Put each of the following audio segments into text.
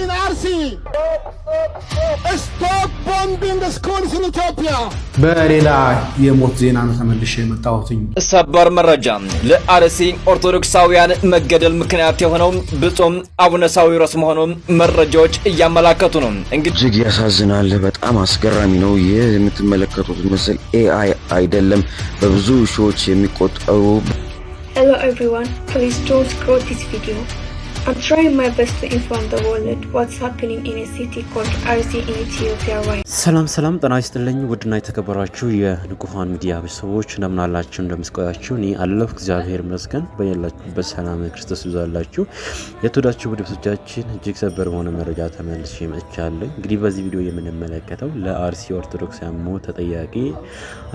in Arsi. Stop bombing schools in Ethiopia. በሌላ የሞት ዜና ነው ተመልሼ የመጣሁትኝ። ሰበር መረጃ ለአርሲ ኦርቶዶክሳውያን መገደል ምክንያት የሆነው ብፁዕ አቡነ ሳዊሮስ መሆኑን መረጃዎች እያመላከቱ ነው። እንግዲህ እጅግ ያሳዝናል። በጣም አስገራሚ ነው። ይህ የምትመለከቱት ምስል ኤአይ አይደለም። በብዙ ሺዎች የሚቆጠሩ Hello everyone, please don't scroll this video. I'm trying my best to inform the world what's happening in a city called RZ in Ethiopia right ሰላም ሰላም፣ ጤና ይስጥልኝ ውድና የተከበራችሁ የንቁሃን ሚዲያ ቤተሰቦች እንደምናላችሁ፣ እንደምስቆያችሁ እኔ አለሁ እግዚአብሔር ይመስገን። በያላችሁበት ሰላም ክርስቶስ ይብዛላችሁ። የተወዳችሁ ውድ ቤቶቻችን እጅግ ሰበር በሆነ መረጃ ተመልሼ መጥቻለሁ። እንግዲህ በዚህ ቪዲዮ የምንመለከተው ለአርሲ ኦርቶዶክሳውያን ሞት ተጠያቂ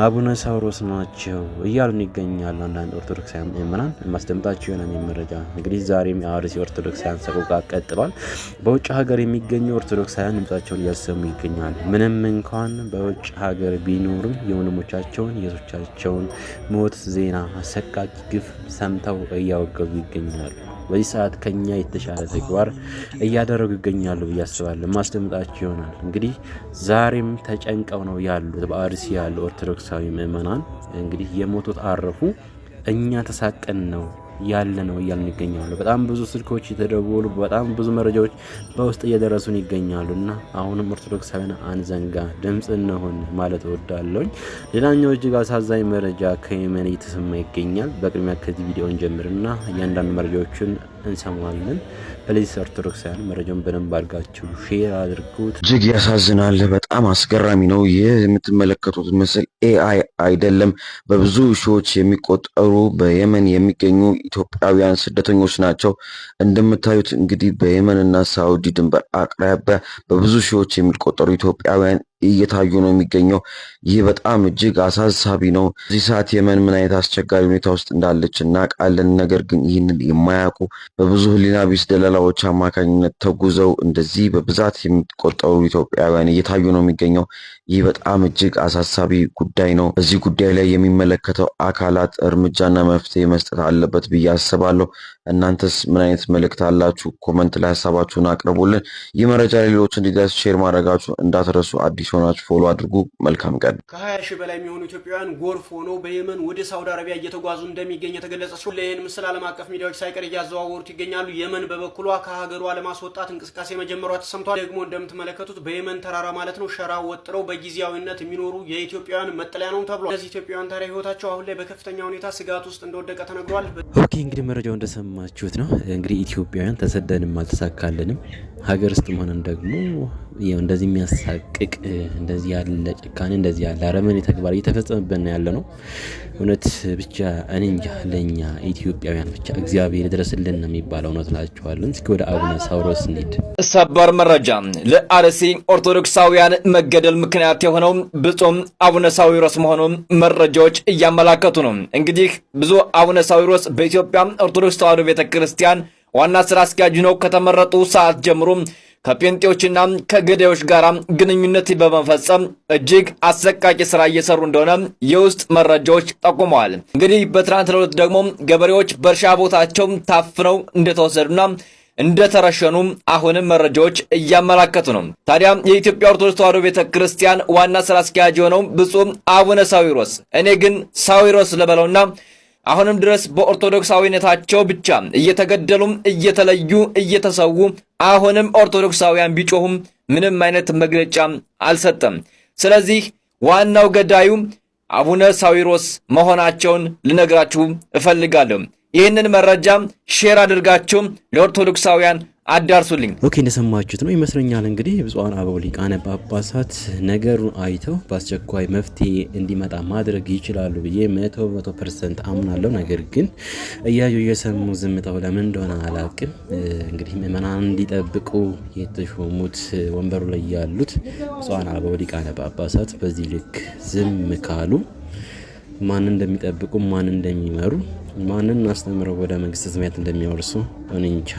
አቡነ ሳዊሮስ ናቸው እያሉን ይገኛሉ አንዳንድ ኦርቶዶክሳውያን ምእመናን። ማስደምጣችሁ የሆነ መረጃ እንግዲህ ዛሬም የአርሲ ኦርቶዶክስ የኦርቶዶክሳውያን ሰቆቃ ቀጥሏል። በውጭ ሀገር የሚገኙ ኦርቶዶክሳውያን ድምጻቸውን እያሰሙ ይገኛል። ምንም እንኳን በውጭ ሀገር ቢኖርም የወንድሞቻቸውን የእህቶቻቸውን ሞት ዜና አሰቃቂ ግፍ ሰምተው እያወገዙ ይገኛሉ። በዚህ ሰዓት ከኛ የተሻለ ተግባር እያደረጉ ይገኛሉ ብዬ አስባለሁ። ማስደምጣቸው ይሆናል። እንግዲህ ዛሬም ተጨንቀው ነው ያሉት በአርሲ ያሉ ኦርቶዶክሳዊ ምእመናን እንግዲህ የሞቱት አረፉ፣ እኛ ተሳቀን ነው ያለ ነው እያልን ይገኛሉ። በጣም ብዙ ስልኮች የተደወሉ በጣም ብዙ መረጃዎች በውስጥ እየደረሱን ይገኛሉ እና አሁንም ኦርቶዶክሳዊን አንዘንጋ ድምፅ እንሆን ማለት እወዳለሁኝ። ሌላኛው እጅግ አሳዛኝ መረጃ ከየመን እየተሰማ ይገኛል። በቅድሚያ ከዚህ ቪዲዮ እንጀምርና እያንዳንዱ መረጃዎችን እንሰማለን። በሌሊት ኦርቶዶክሳውያን መረጃውን በደንብ አድርጋችሁ ሼር አድርጉት። እጅግ ያሳዝናል። በጣም አስገራሚ ነው። ይህ የምትመለከቱት ምስል ኤአይ አይደለም። በብዙ ሺዎች የሚቆጠሩ በየመን የሚገኙ ኢትዮጵያውያን ስደተኞች ናቸው። እንደምታዩት እንግዲህ በየመንና ሳውዲ ድንበር አቅራቢያ በብዙ ሺዎች የሚቆጠሩ ኢትዮጵያውያን እየታዩ ነው የሚገኘው። ይህ በጣም እጅግ አሳሳቢ ነው። እዚህ ሰዓት የመን ምን አይነት አስቸጋሪ ሁኔታ ውስጥ እንዳለች እናውቃለን። ነገር ግን ይህንን የማያውቁ በብዙ ሕሊና ቢስ ደላላዎች አማካኝነት ተጉዘው እንደዚህ በብዛት የሚቆጠሩ ኢትዮጵያውያን እየታዩ ነው የሚገኘው። ይህ በጣም እጅግ አሳሳቢ ጉዳይ ነው። በዚህ ጉዳይ ላይ የሚመለከተው አካላት እርምጃና መፍትሄ መስጠት አለበት ብዬ አስባለሁ። እናንተስ ምን አይነት መልእክት አላችሁ? ኮመንት ላይ ሀሳባችሁን አቅርቡልን። ይህ መረጃ ሌሎች እንዲደርስ ሼር ማድረጋችሁ እንዳትረሱ። አዲስ ሆናችሁ ፎሎ አድርጉ። መልካም ቀን ከሀያ ከ20 ሺህ በላይ የሚሆኑ ኢትዮጵያውያን ጎርፍ ሆነው በየመን ወደ ሳውዲ አረቢያ እየተጓዙ እንደሚገኝ የተገለጸ ሲሆን ለይህን ምስል ዓለም አቀፍ ሚዲያዎች ሳይቀር እያዘዋወሩት ይገኛሉ። የመን በበኩሏ ከሀገሯ ለማስወጣት እንቅስቃሴ መጀመሯ ተሰምቷል። ደግሞ እንደምትመለከቱት በየመን ተራራ ማለት ነው ሸራ ወጥረው በጊዜያዊነት የሚኖሩ የኢትዮጵያውያን መጠለያ ነው ተብሏል። እነዚህ ኢትዮጵያውያን ታሪያ ህይወታቸው አሁን ላይ በከፍተኛ ሁኔታ ስጋት ውስጥ እንደወደቀ ተነግሯል። ኦኬ እንግዲህ መረጃው እንደሰማችሁት ነው። እንግዲህ ኢትዮጵያውያን ተሰደንም አልተሳካልንም፣ ሀገር ውስጥ መሆነን ደግሞ እንደዚህ የሚያሳቅቅ እንደዚህ ያለ ጭካኔ እንደዚህ ያለ አረመኔ ተግባር እየተፈጸመብን ያለ ነው። እውነት ብቻ እኔ እንጃ ለእኛ ኢትዮጵያውያን ብቻ እግዚአብሔር ድረስልን ነው የሚባለው። እውነት እላችኋለን። እስኪ ወደ አቡነ ሳውሮስ እንሂድ። ሰበር መረጃ ለአርሲ ኦርቶዶክሳውያን መገደል ምክንያት ምክንያት የሆነው ብፁም አቡነ ሳዊሮስ መሆኑን መረጃዎች እያመላከቱ ነው። እንግዲህ ብዙ አቡነ ሳዊሮስ በኢትዮጵያ ኦርቶዶክስ ተዋሕዶ ቤተ ክርስቲያን ዋና ስራ አስኪያጅ ነው ከተመረጡ ሰዓት ጀምሮ ከጴንጤዎችና ከገዳዮች ጋር ግንኙነት በመፈጸም እጅግ አሰቃቂ ስራ እየሰሩ እንደሆነ የውስጥ መረጃዎች ጠቁመዋል። እንግዲህ በትናንትናው ዕለት ደግሞ ገበሬዎች በእርሻ ቦታቸው ታፍነው እንደተወሰዱና እንደተረሸኑም አሁንም መረጃዎች እያመላከቱ ነው። ታዲያ የኢትዮጵያ ኦርቶዶክስ ተዋሕዶ ቤተ ክርስቲያን ዋና ስራ አስኪያጅ የሆነው ብፁዕ አቡነ ሳዊሮስ እኔ ግን ሳዊሮስ ለበለውና አሁንም ድረስ በኦርቶዶክሳዊነታቸው ብቻ እየተገደሉም እየተለዩ እየተሰዉ አሁንም ኦርቶዶክሳውያን ቢጮሁም ምንም አይነት መግለጫ አልሰጠም። ስለዚህ ዋናው ገዳዩ አቡነ ሳዊሮስ መሆናቸውን ልነግራችሁ እፈልጋለሁ። ይህንን መረጃ ሼር አድርጋችሁ ለኦርቶዶክሳውያን አዳርሱልኝ። ኦኬ እንደሰማችሁት ነው ይመስለኛል። እንግዲህ ብፁዓን አበው ሊቃነ ጳጳሳት ነገሩን አይተው በአስቸኳይ መፍትሄ እንዲመጣ ማድረግ ይችላሉ ብዬ መቶ መቶ ፐርሰንት አምናለሁ። ነገር ግን እያዩ እየሰሙ ዝምታው ለምን እንደሆነ አላውቅም። እንግዲህ ምዕመናን እንዲጠብቁ የተሾሙት ወንበሩ ላይ ያሉት ብፁዓን አበው ሊቃነ ጳጳሳት በዚህ ልክ ዝም ካሉ ማን እንደሚጠብቁ፣ ማን እንደሚመሩ፣ ማንን አስተምረው ወደ መንግስተ ሰማያት እንደሚያወርሱ እኔ እንጃ።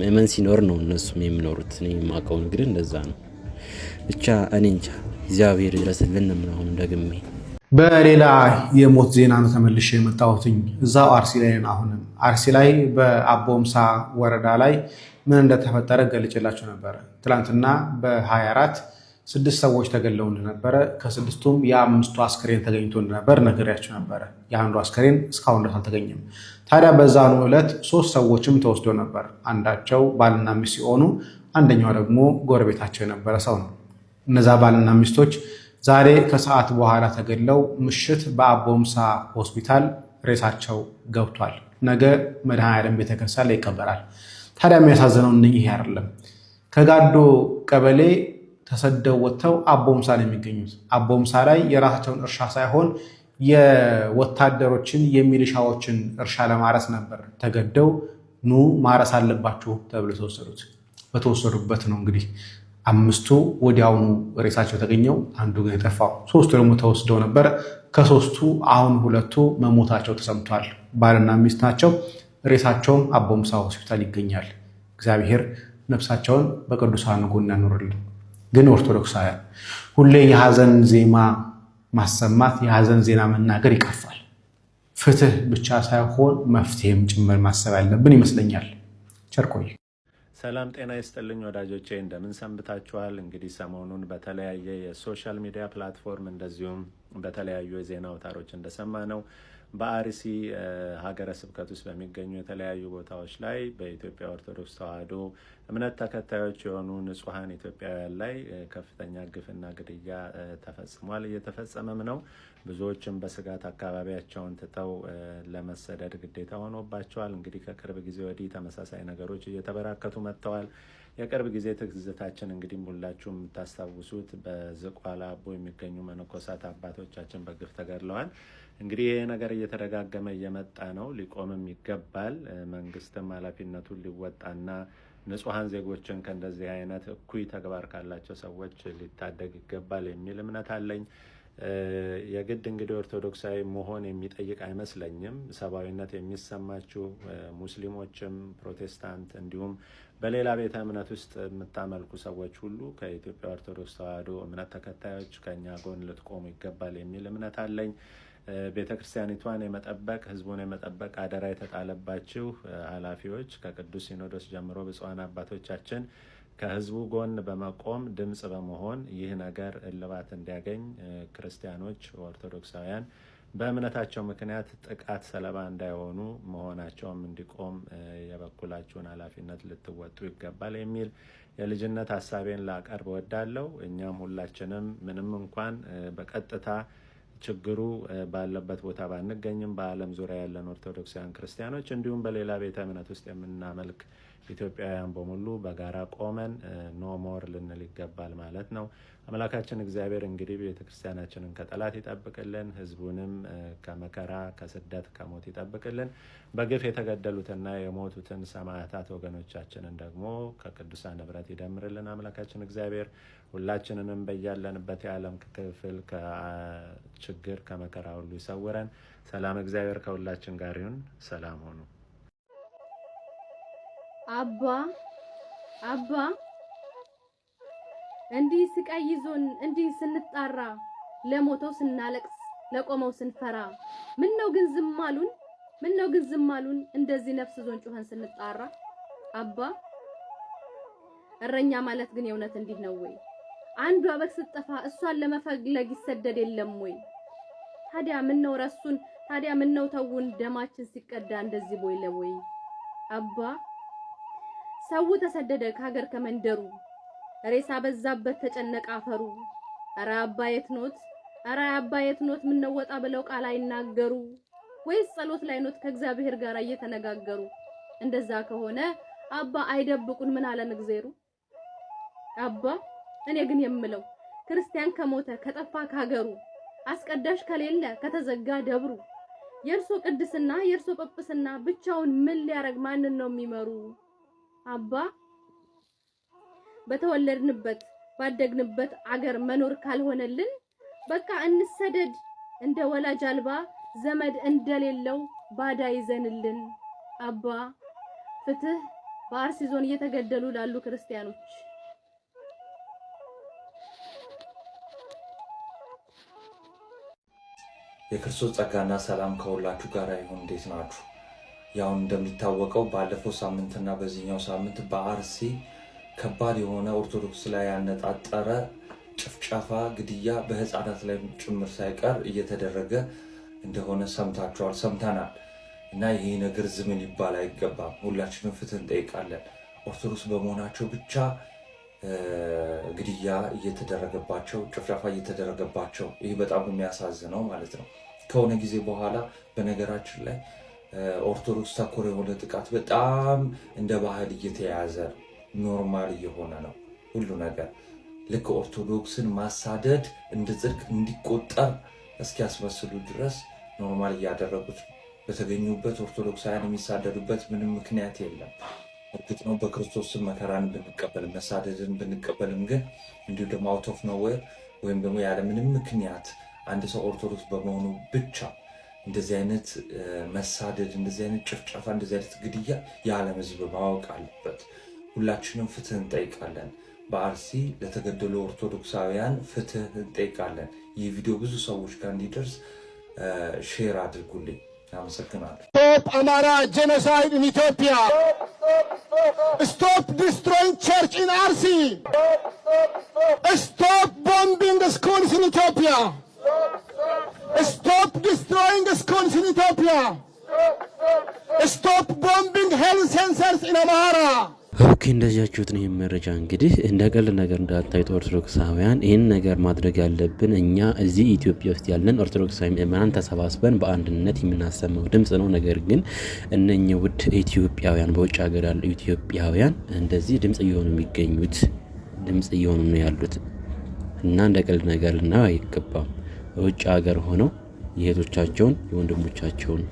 ምእመን ሲኖር ነው እነሱም የሚኖሩት። እኔ የማውቀው ንግድ እንደዛ ነው። ብቻ እኔ እንጃ። እግዚአብሔር ይድረስልን ምን አሁን ደግሜ በሌላ የሞት ዜና ነው ተመልሼ የመጣሁትኝ። እዛው አርሲ ላይ ነን። አሁንም አርሲ ላይ በአቦምሳ ወረዳ ላይ ምን እንደተፈጠረ ገልጭላችሁ ነበር ትላንትና በ24 ስድስት ሰዎች ተገለው እንደነበረ ከስድስቱም የአምስቱ አስክሬን ተገኝቶ እንደነበር ነግሬያቸው ነበረ። የአንዱ አስከሬን እስካሁን ድረስ አልተገኘም። ታዲያ በዛኑ ዕለት ሶስት ሰዎችም ተወስዶ ነበር። አንዳቸው ባልና ሚስት ሲሆኑ አንደኛው ደግሞ ጎረቤታቸው የነበረ ሰው ነው። እነዛ ባልና ሚስቶች ዛሬ ከሰዓት በኋላ ተገለው ምሽት በአቦምሳ ሆስፒታል ሬሳቸው ገብቷል። ነገ መድኃኔዓለም ቤተክርስቲያን ላይ ይቀበራል። ታዲያ የሚያሳዝነው እነኝህ አይደለም። ከጋዶ ቀበሌ ተሰደው ወጥተው አቦምሳ ነው የሚገኙት። አቦምሳ ላይ የራሳቸውን እርሻ ሳይሆን የወታደሮችን የሚሊሻዎችን እርሻ ለማረስ ነበር ተገደው ኑ ማረስ አለባችሁ ተብሎ የተወሰዱት። በተወሰዱበት ነው እንግዲህ አምስቱ ወዲያውኑ ሬሳቸው የተገኘው፣ አንዱ ግን የጠፋው። ሶስቱ ደግሞ ተወስደው ነበር። ከሶስቱ አሁን ሁለቱ መሞታቸው ተሰምቷል። ባልና ሚስት ናቸው። ሬሳቸውም አቦምሳ ሆስፒታል ይገኛል። እግዚአብሔር ነፍሳቸውን በቅዱሳኑ ጎን ያኑርልን። ግን ኦርቶዶክሳውያን ሁሌ የሐዘን ዜማ ማሰማት የሐዘን ዜና መናገር ይቀፋል። ፍትህ ብቻ ሳይሆን መፍትሄም ጭምር ማሰብ ያለብን ይመስለኛል። ቸርቆይ ሰላም ጤና ይስጥልኝ ወዳጆቼ፣ እንደምን ሰንብታችኋል? እንግዲህ ሰሞኑን በተለያየ የሶሻል ሚዲያ ፕላትፎርም እንደዚሁም በተለያዩ የዜና አውታሮች እንደሰማ ነው በአርሲ ሀገረ ስብከት ውስጥ በሚገኙ የተለያዩ ቦታዎች ላይ በኢትዮጵያ ኦርቶዶክስ ተዋሕዶ እምነት ተከታዮች የሆኑ ንጹሐን ኢትዮጵያውያን ላይ ከፍተኛ ግፍና ግድያ ተፈጽሟል፣ እየተፈጸመም ነው። ብዙዎችም በስጋት አካባቢያቸውን ትተው ለመሰደድ ግዴታ ሆኖባቸዋል። እንግዲህ ከቅርብ ጊዜ ወዲህ ተመሳሳይ ነገሮች እየተበራከቱ መጥተዋል። የቅርብ ጊዜ ትዝታችን እንግዲህ ሁላችሁ የምታስታውሱት በዝቋላ አቦ የሚገኙ መነኮሳት አባቶቻችን በግፍ ተገድለዋል። እንግዲህ ይሄ ነገር እየተደጋገመ እየመጣ ነው፣ ሊቆምም ይገባል። መንግስትም ኃላፊነቱን ሊወጣና ንጹሐን ዜጎችን ከእንደዚህ አይነት እኩይ ተግባር ካላቸው ሰዎች ሊታደግ ይገባል የሚል እምነት አለኝ። የግድ እንግዲህ ኦርቶዶክሳዊ መሆን የሚጠይቅ አይመስለኝም። ሰብአዊነት የሚሰማችው ሙስሊሞችም፣ ፕሮቴስታንት እንዲሁም በሌላ ቤተ እምነት ውስጥ የምታመልኩ ሰዎች ሁሉ ከኢትዮጵያ ኦርቶዶክስ ተዋሕዶ እምነት ተከታዮች ከእኛ ጎን ልትቆሙ ይገባል የሚል እምነት አለኝ። ቤተ ክርስቲያኒቷን የመጠበቅ ህዝቡን የመጠበቅ አደራ የተጣለባችሁ ኃላፊዎች ከቅዱስ ሲኖዶስ ጀምሮ ብፁዓን አባቶቻችን ከህዝቡ ጎን በመቆም ድምፅ በመሆን ይህ ነገር እልባት እንዲያገኝ ክርስቲያኖች ኦርቶዶክሳውያን በእምነታቸው ምክንያት ጥቃት ሰለባ እንዳይሆኑ መሆናቸውም እንዲቆም የበኩላችሁን ኃላፊነት ልትወጡ ይገባል የሚል የልጅነት ሀሳቤን ላቀርብ እወዳለሁ። እኛም ሁላችንም ምንም እንኳን በቀጥታ ችግሩ ባለበት ቦታ ባንገኝም በዓለም ዙሪያ ያለን ኦርቶዶክሳውያን ክርስቲያኖች እንዲሁም በሌላ ቤተ እምነት ውስጥ የምናመልክ ኢትዮጵያውያን በሙሉ በጋራ ቆመን ኖ ሞር ልንል ይገባል ማለት ነው። አምላካችን እግዚአብሔር እንግዲህ ቤተክርስቲያናችንን ከጠላት ይጠብቅልን፣ ህዝቡንም ከመከራ ከስደት፣ ከሞት ይጠብቅልን። በግፍ የተገደሉትና የሞቱትን ሰማዕታት ወገኖቻችንን ደግሞ ከቅዱሳን ንብረት ይደምርልን አምላካችን እግዚአብሔር። ሁላችንንም በያለንበት የዓለም ክፍል ከችግር ከመከራ ሁሉ ይሰውረን። ሰላም እግዚአብሔር ከሁላችን ጋር ይሁን። ሰላም ሆኑ። አባ አባ እንዲህ ስቃይ ይዞን እንዲህ ስንጣራ ለሞተው ስናለቅስ ለቆመው ስንፈራ ምን ነው ግን ዝም አሉን? ምን ነው ግን ዝም አሉን? እንደዚህ ነፍስ ዞን ጩኸን ስንጣራ አባ እረኛ ማለት ግን የእውነት እንዲህ ነው ወይ? አንዷ በግ ስትጠፋ እሷን ለመፈለግ ይሰደድ የለም ወይ? ታዲያ ነው ረሱን? ታዲያ ነው ተውን? ደማችን ሲቀዳ እንደዚህ ቦይ ለቦይ አባ ሰው ተሰደደ ከሀገር ከመንደሩ ሬሳ በዛበት ተጨነቀ አፈሩ። ኧረ አባ የት ኖት? ኧረ አባ የት ኖት? ነው ወጣ ብለው ቃል አይናገሩ ወይስ ጸሎት ላይ ኖት ከእግዚአብሔር ጋር እየተነጋገሩ? እንደዛ ከሆነ አባ አይደብቁን ምን አለን እግዜሩ አባ እኔ ግን የምለው ክርስቲያን ከሞተ ከጠፋ ካገሩ አስቀዳሽ ከሌለ ከተዘጋ ደብሩ የእርሶ ቅድስና የእርሶ ጵጵስና ብቻውን ምን ሊያረግ ማንን ነው የሚመሩ? አባ በተወለድንበት ባደግንበት አገር መኖር ካልሆነልን በቃ እንሰደድ፣ እንደ ወላጅ አልባ ዘመድ እንደሌለው ባዳ ይዘንልን። አባ ፍትህ በአርሲ ዞን እየተገደሉ ላሉ ክርስቲያኖች የክርስቶስ ጸጋና ሰላም ከሁላችሁ ጋር ይሁን። እንዴት ናችሁ? ያው እንደሚታወቀው ባለፈው ሳምንትና በዚህኛው ሳምንት በአርሲ ከባድ የሆነ ኦርቶዶክስ ላይ ያነጣጠረ ጭፍጨፋ፣ ግድያ በህፃናት ላይ ጭምር ሳይቀር እየተደረገ እንደሆነ ሰምታችኋል፣ ሰምተናል እና ይሄ ነገር ዝም ሊባል አይገባም። ሁላችንም ፍትህ እንጠይቃለን። ኦርቶዶክስ በመሆናቸው ብቻ ግድያ እየተደረገባቸው ጭፍጨፋ እየተደረገባቸው ይህ በጣም የሚያሳዝነው ማለት ነው። ከሆነ ጊዜ በኋላ በነገራችን ላይ ኦርቶዶክስ ተኮር የሆነ ጥቃት በጣም እንደ ባህል እየተያዘ ኖርማል እየሆነ ነው ሁሉ ነገር። ልክ ኦርቶዶክስን ማሳደድ እንደ ጽድቅ እንዲቆጠር እስኪያስመስሉ ድረስ ኖርማል እያደረጉት በተገኙበት ኦርቶዶክሳውያን የሚሳደዱበት ምንም ምክንያት የለም። እርግጥ ነው በክርስቶስን መከራን ብንቀበልም መሳደድን ብንቀበልም ግን እንዲሁ ደግሞ አውት ኦፍ ኖዌር ወይም ደግሞ ያለምንም ምክንያት አንድ ሰው ኦርቶዶክስ በመሆኑ ብቻ እንደዚህ አይነት መሳደድ፣ እንደዚህ አይነት ጭፍጨፋ፣ እንደዚህ አይነት ግድያ የዓለም ሕዝብ ማወቅ አለበት። ሁላችንም ፍትህ እንጠይቃለን። በአርሲ ለተገደሉ ኦርቶዶክሳውያን ፍትህ እንጠይቃለን። ይህ ቪዲዮ ብዙ ሰዎች ጋር እንዲደርስ ሼር አድርጉልኝ። ያመሰግናል። ስቶፕ አማራ ጄኖሳይድ ኢን ኢትዮጵያ ስቶፕ ዲስትሮይንግ ቸርች ኢን አርሲ ስቶፕ ቦምቢንግ ስኩልስ ኢን ኢትዮጵያ ስቶፕ ዲስትሮይንግ ስኩልስ ኢን ኢትዮጵያ ስቶፕ ቦምቢንግ ሄልዝ ሴንሰርስ ኢን አማራ ኦኬ እንደዚያችሁት ነው። ይህም መረጃ እንግዲህ እንደ ቀልድ ነገር እንዳታዩት ኦርቶዶክሳውያን፣ ይህን ነገር ማድረግ ያለብን እኛ እዚህ ኢትዮጵያ ውስጥ ያለን ኦርቶዶክሳዊ ምእመናን ተሰባስበን በአንድነት የምናሰማው ድምፅ ነው። ነገር ግን እነኛ ውድ ኢትዮጵያውያን፣ በውጭ ሀገር ያሉ ኢትዮጵያውያን እንደዚህ ድምፅ እየሆኑ የሚገኙት ድምፅ እየሆኑ ነው ያሉት እና እንደ ቀልድ ነገር ልናየው አይገባም። በውጭ ሀገር ሆነው የእህቶቻቸውን የወንድሞቻቸውን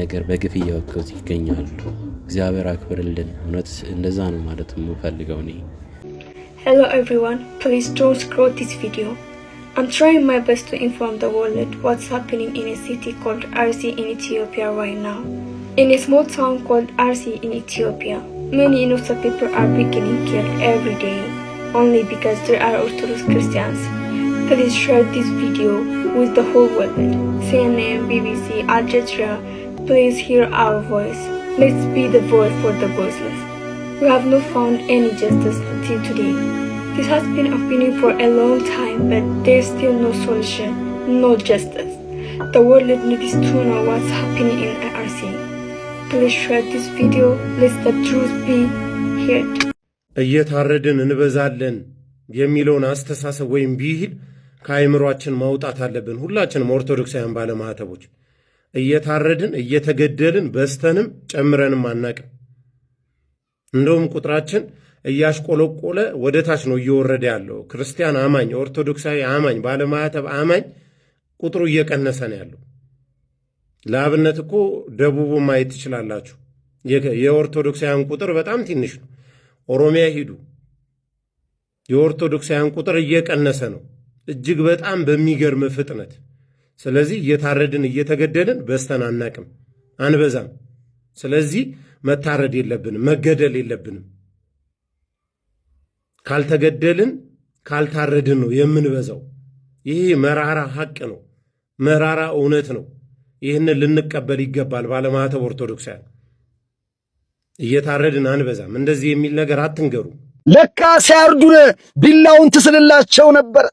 ነገር በግፍ እያወገዙ ይገኛሉ። እግዚአብሔር አክብርልን። እውነት እንደዛ ነው ማለት የምፈልገው እኔ። Hello everyone, please don't scroll this video. I'm trying my best to inform the world what's happening in a city called RC in Ethiopia right now. In a small town called RC in Ethiopia, many innocent people are being killed every day only because they are Orthodox Christians. Please share this video with the whole world. CNN, BBC, Al Jazeera, please hear our voice. Let's be the voice for the voiceless. We have not found any justice until today. This has been happening for a long time, but there's still no solution, no justice. The world needs to know what's happening in IRC. Please share this video. Let the truth be heard. እየታረድን እንበዛለን የሚለውን አስተሳሰብ ወይም ቢሂል ከአይምሯችን ማውጣት አለብን። ሁላችንም ኦርቶዶክሳውያን ባለማህተቦች እየታረድን እየተገደልን በስተንም ጨምረንም አናቅም። እንደውም ቁጥራችን እያሽቆለቆለ ወደ ታች ነው እየወረደ ያለው። ክርስቲያን አማኝ፣ ኦርቶዶክሳዊ አማኝ፣ ባለማያተብ አማኝ ቁጥሩ እየቀነሰ ነው ያለው። ለአብነት እኮ ደቡቡ ማየት ትችላላችሁ። የኦርቶዶክሳውያን ቁጥር በጣም ትንሽ ነው። ኦሮሚያ ሂዱ፣ የኦርቶዶክሳውያን ቁጥር እየቀነሰ ነው እጅግ በጣም በሚገርም ፍጥነት ስለዚህ እየታረድን እየተገደልን በስተን አናቅም፣ አንበዛም። ስለዚህ መታረድ የለብንም፣ መገደል የለብንም። ካልተገደልን ካልታረድን ነው የምንበዛው። ይሄ መራራ ሀቅ ነው፣ መራራ እውነት ነው። ይህንን ልንቀበል ይገባል። ባለማተብ ኦርቶዶክሳውያን እየታረድን አንበዛም። እንደዚህ የሚል ነገር አትንገሩ። ለካ ሲያርዱን ቢላውን ትስልላቸው ነበር።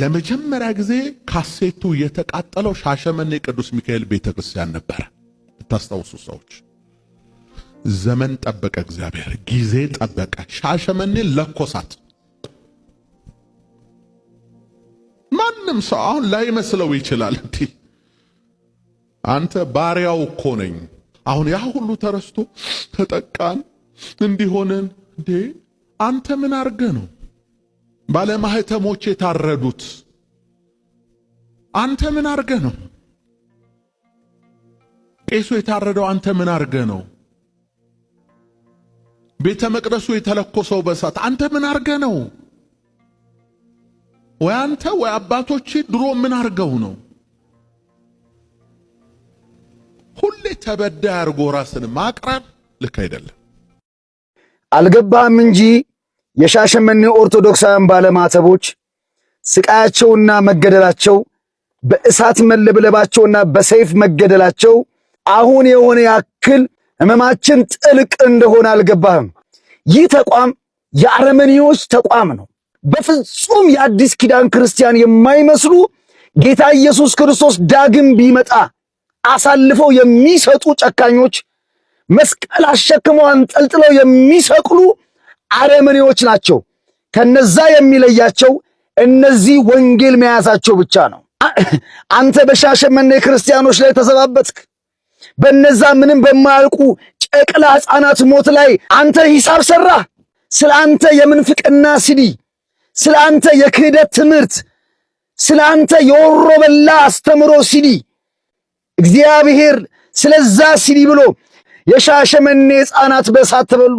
ለመጀመሪያ ጊዜ ካሴቱ የተቃጠለው ሻሸመኔ ቅዱስ ሚካኤል ቤተ ክርስቲያን ነበረ። ታስታውሱ ሰዎች፣ ዘመን ጠበቀ፣ እግዚአብሔር ጊዜ ጠበቀ። ሻሸመኔ ለኮሳት። ማንም ሰው አሁን ላይመስለው ይችላል። እንዲ አንተ ባሪያው እኮ ነኝ። አሁን ያ ሁሉ ተረስቶ ተጠቃን እንዲሆንን እንዴ አንተ ምን አድርገ ነው ባለማህተሞች የታረዱት አንተ ምን አርገ ነው? ቄሱ የታረደው አንተ ምን አርገ ነው? ቤተ መቅደሱ የተለኮሰው በሳት አንተ ምን አርገ ነው? ወይ አንተ ወይ አባቶች ድሮ ምን አርገው ነው? ሁሌ ተበዳይ አርጎ ራስን ማቅረብ ልክ አይደለም። አልገባህም እንጂ የሻሸመኔ ኦርቶዶክሳውያን ባለማተቦች ስቃያቸውና መገደላቸው በእሳት መለብለባቸውና በሰይፍ መገደላቸው አሁን የሆነ ያክል ህመማችን ጥልቅ እንደሆነ አልገባህም? ይህ ተቋም የአረመኔዎች ተቋም ነው። በፍጹም የአዲስ ኪዳን ክርስቲያን የማይመስሉ ጌታ ኢየሱስ ክርስቶስ ዳግም ቢመጣ አሳልፈው የሚሰጡ ጨካኞች፣ መስቀል አሸክመው አንጠልጥለው የሚሰቅሉ አረመኔዎች ናቸው። ከነዛ የሚለያቸው እነዚህ ወንጌል መያዛቸው ብቻ ነው። አንተ በሻሸመኔ ክርስቲያኖች ላይ ተዘባበትክ። በነዛ ምንም በማያውቁ ጨቅላ ሕፃናት ሞት ላይ አንተ ሂሳብ ሰራ። ስለ አንተ የምንፍቅና ሲዲ፣ ስለ አንተ የክህደት ትምህርት፣ ስለ አንተ የወሮ በላ አስተምሮ ሲዲ እግዚአብሔር ስለዛ ሲዲ ብሎ የሻሸመኔ ሕፃናት በእሳት ተበሉ።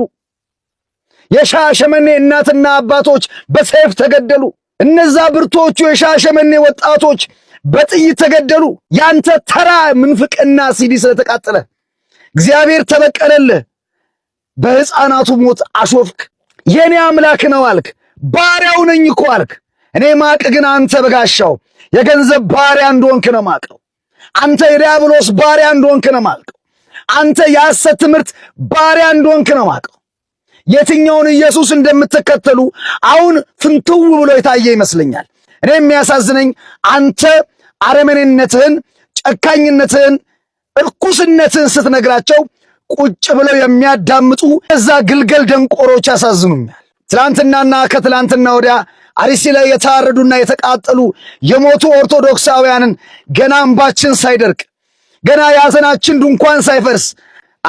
የሻሸመኔ እናትና አባቶች በሰይፍ ተገደሉ። እነዛ ብርቶቹ የሻሸመኔ ወጣቶች በጥይት ተገደሉ። ያንተ ተራ ምንፍቅና ሲዲ ስለተቃጠለ እግዚአብሔር ተበቀለልህ። በሕፃናቱ ሞት አሾፍክ። የኔ አምላክ ነው አልክ። ባሪያው ነኝ እኮ አልክ። እኔ ማቅ ግን አንተ በጋሻው የገንዘብ ባሪያ እንደሆንክ ነው ማቀው። አንተ የዲያብሎስ ባሪያ እንደሆንክ ነው ማቀው። አንተ የሐሰት ትምህርት ባሪያ እንደሆንክ ነው ማቀው። የትኛውን ኢየሱስ እንደምትከተሉ አሁን ፍንትው ብሎ የታየ ይመስለኛል። እኔ የሚያሳዝነኝ አንተ አረመኔነትህን፣ ጨካኝነትህን፣ እርኩስነትህን ስትነግራቸው ቁጭ ብለው የሚያዳምጡ እዛ ግልገል ደንቆሮች ያሳዝኑኛል። ትላንትናና ከትላንትና ወዲያ አርሲ ላይ የታረዱና የተቃጠሉ የሞቱ ኦርቶዶክሳውያንን ገና እንባችን ሳይደርቅ ገና የሐዘናችን ድንኳን ሳይፈርስ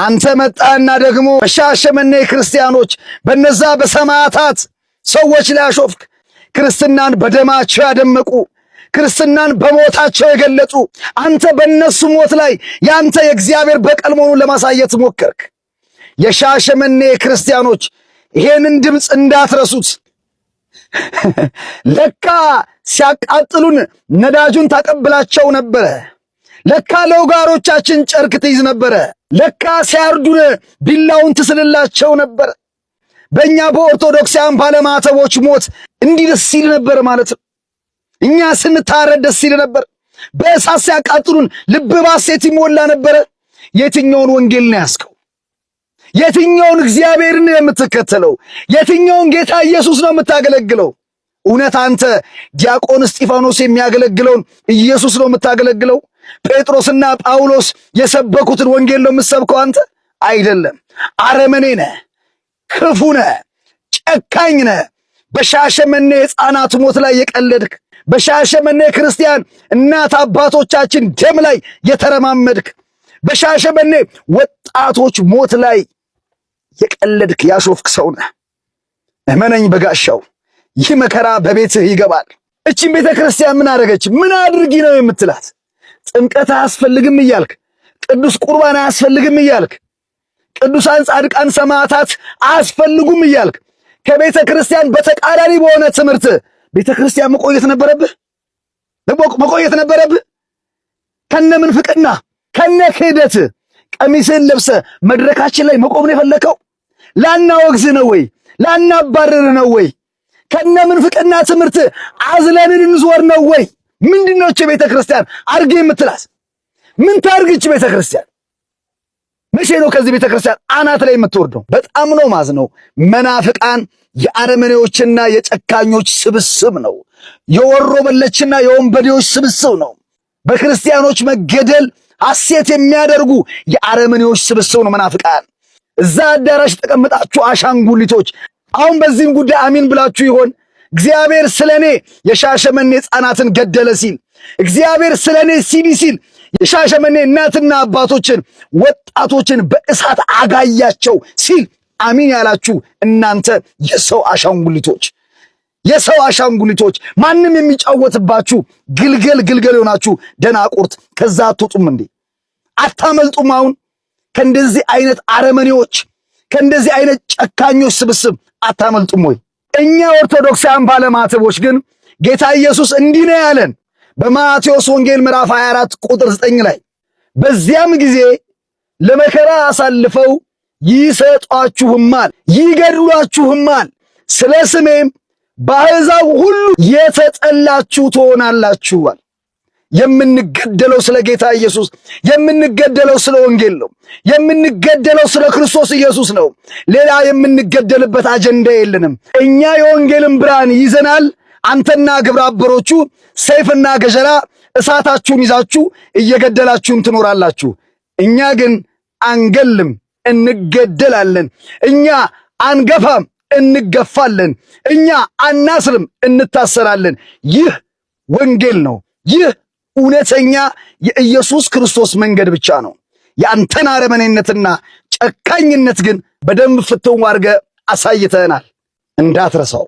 አንተ መጣና ደግሞ በሻሸመኔ ክርስቲያኖች በነዛ በሰማዕታት ሰዎች ላይ አሾፍክ። ክርስትናን በደማቸው ያደመቁ ክርስትናን በሞታቸው የገለጡ አንተ በእነሱ ሞት ላይ ያንተ የእግዚአብሔር በቀል መሆኑን ለማሳየት ሞከርክ። የሻሸመኔ ክርስቲያኖች ይሄንን ድምፅ እንዳትረሱት። ለካ ሲያቃጥሉን ነዳጁን ታቀብላቸው ነበረ። ለካ ለውጋሮቻችን ጨርቅ ትይዝ ነበረ። ለካ ሲያርዱን ቢላውን ትስልላቸው ነበር። በእኛ በኦርቶዶክሳውያን ባለማተቦች ሞት እንዲህ ደስ ሲል ነበር ማለት ነው። እኛ ስንታረድ ደስ ሲል ነበር። በእሳት ሲያቃጥሉን ልብ ባሴት ይሞላ ነበረ። የትኛውን ወንጌል ነው ያስከው? የትኛውን እግዚአብሔርን የምትከተለው? የትኛውን ጌታ ኢየሱስ ነው የምታገለግለው? እውነት አንተ ዲያቆን እስጢፋኖስ የሚያገለግለውን ኢየሱስ ነው የምታገለግለው? ጴጥሮስና ጳውሎስ የሰበኩትን ወንጌል ነው የምትሰብከው አንተ? አይደለም። አረመኔ ነ ክፉ ነ ጨካኝ ነ በሻሸመኔ ሕፃናት ሞት ላይ የቀለድክ፣ በሻሸመኔ ክርስቲያን እናት አባቶቻችን ደም ላይ የተረማመድክ፣ በሻሸመኔ ወጣቶች ሞት ላይ የቀለድክ ያሾፍክ ሰው ነ። እመነኝ በጋሻው ይህ መከራ በቤትህ ይገባል። እቺን ቤተ ክርስቲያን ምን አደረገች? ምን አድርጊ ነው የምትላት? ጥምቀት አያስፈልግም እያልክ ቅዱስ ቁርባን አያስፈልግም እያልክ ቅዱሳን ጻድቃን ሰማዕታት አያስፈልጉም እያልክ ከቤተ ክርስቲያን በተቃራኒ በሆነ ትምህርት ቤተ ክርስቲያን መቆየት ነበረብህ መቆየት ነበረብህ። ከነ ምንፍቅና ከነ ክህደት ቀሚስህን ለብሰ መድረካችን ላይ መቆም ነው የፈለከው? ላናወግዝ ነው ወይ? ላናባረር ነው ወይ? ከነ ምንፍቅና ትምህርት አዝለንን እንዞር ነው ወይ? ምንድነው እቺ ቤተ ክርስቲያን አርግ የምትላት? ምን ታርግች ቤተ ክርስቲያን? መቼ ነው ከዚህ ቤተ ክርስቲያን አናት ላይ የምትወርደው? በጣም ነው ማዝ ነው። መናፍቃን የአረመኔዎችና የጨካኞች ስብስብ ነው። የወሮ በለችና የወንበዴዎች ስብስብ ነው። በክርስቲያኖች መገደል ሐሴት የሚያደርጉ የአረመኔዎች ስብስብ ነው መናፍቃን። እዛ አዳራሽ ተቀምጣችሁ አሻንጉሊቶች፣ አሁን በዚህም ጉዳይ አሚን ብላችሁ ይሆን? እግዚአብሔር ስለ እኔ የሻሸመኔ ሕፃናትን ገደለ ሲል እግዚአብሔር ስለ እኔ ሲል ሲል የሻሸመኔ እናትና አባቶችን ወጣቶችን በእሳት አጋያቸው ሲል አሚን ያላችሁ እናንተ የሰው አሻንጉሊቶች የሰው አሻንጉሊቶች ማንም የሚጫወትባችሁ ግልገል ግልገል የሆናችሁ ደናቁርት ከዛ አትወጡም እንዴ? አታመልጡም? አሁን ከእንደዚህ አይነት አረመኔዎች ከእንደዚህ አይነት ጨካኞች ስብስብ አታመልጡም ወይ? እኛ ኦርቶዶክሳውያን ባለማተቦች ግን ጌታ ኢየሱስ እንዲህ ነው ያለን በማቴዎስ ወንጌል ምዕራፍ 24 ቁጥር 9 ላይ በዚያም ጊዜ ለመከራ አሳልፈው ይሰጧችሁማል፣ ይገድሏችሁማል፣ ስለ ስሜም በአሕዛብ ሁሉ የተጠላችሁ ትሆናላችኋል። የምንገደለው ስለ ጌታ ኢየሱስ፣ የምንገደለው ስለ ወንጌል ነው። የምንገደለው ስለ ክርስቶስ ኢየሱስ ነው። ሌላ የምንገደልበት አጀንዳ የለንም። እኛ የወንጌልን ብርሃን ይዘናል። አንተና ግብረ አበሮቹ ሰይፍና ገጀራ እሳታችሁን ይዛችሁ እየገደላችሁን ትኖራላችሁ። እኛ ግን አንገልም፣ እንገደላለን። እኛ አንገፋም፣ እንገፋለን። እኛ አናስርም፣ እንታሰራለን። ይህ ወንጌል ነው። ይህ እውነተኛ የኢየሱስ ክርስቶስ መንገድ ብቻ ነው። የአንተን አረመኔነትና ጨካኝነት ግን በደንብ ፍትው አድርገህ አሳይተናል። እንዳትረሳው።